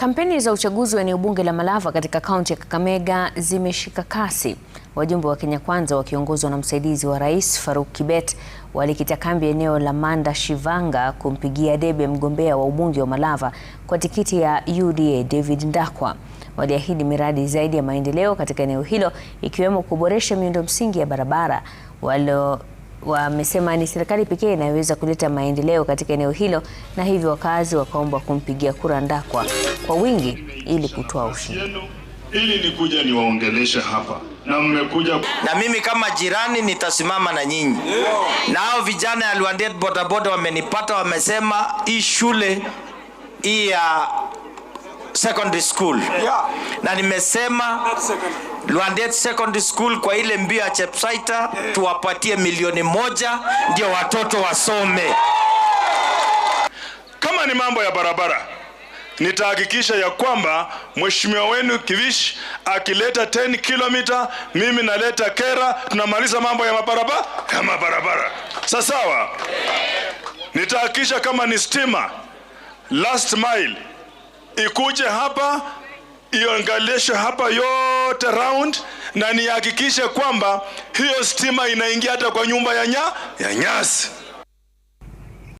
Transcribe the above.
Kampeni za uchaguzi wa eneo bunge la Malava katika kaunti ya Kakamega zimeshika kasi. Wajumbe wa Kenya Kwanza wakiongozwa na msaidizi wa rais Faruk Kibet walikita kambi eneo la Manda Shivanga kumpigia debe mgombea wa ubunge wa Malava kwa tikiti ya UDA David Ndakwa. Waliahidi miradi zaidi ya maendeleo katika eneo hilo ikiwemo kuboresha miundo msingi ya barabara walo wamesema ni serikali pekee inayoweza kuleta maendeleo katika eneo hilo na hivyo wakazi wakaomba kumpigia kura Ndakwa kwa wingi ili kutoa ushindi. Ili nikuja niwaongelesha hapa na mmekuja na mimi kama jirani nitasimama na nyinyi yeah. Na hao vijana ya Luandet bodaboda wamenipata, wamesema hii shule hii ya secondary school yeah. Na nimesema Luandet secondary school kwa ile mbio ya Chepsaita Tuwapatie milioni moja ndio watoto wasome. Kama ni mambo ya barabara, nitahakikisha ya kwamba mheshimiwa wenu Kivish akileta 10 kilomita, mimi naleta kera, tunamaliza mambo ya mabarabara kama barabara sasawa. Nitahakikisha kama ni stima last mile ikuje hapa iangalishe hapa yote round na nihakikishe kwamba hiyo stima inaingia hata kwa nyumba ya, nya, ya nyasi.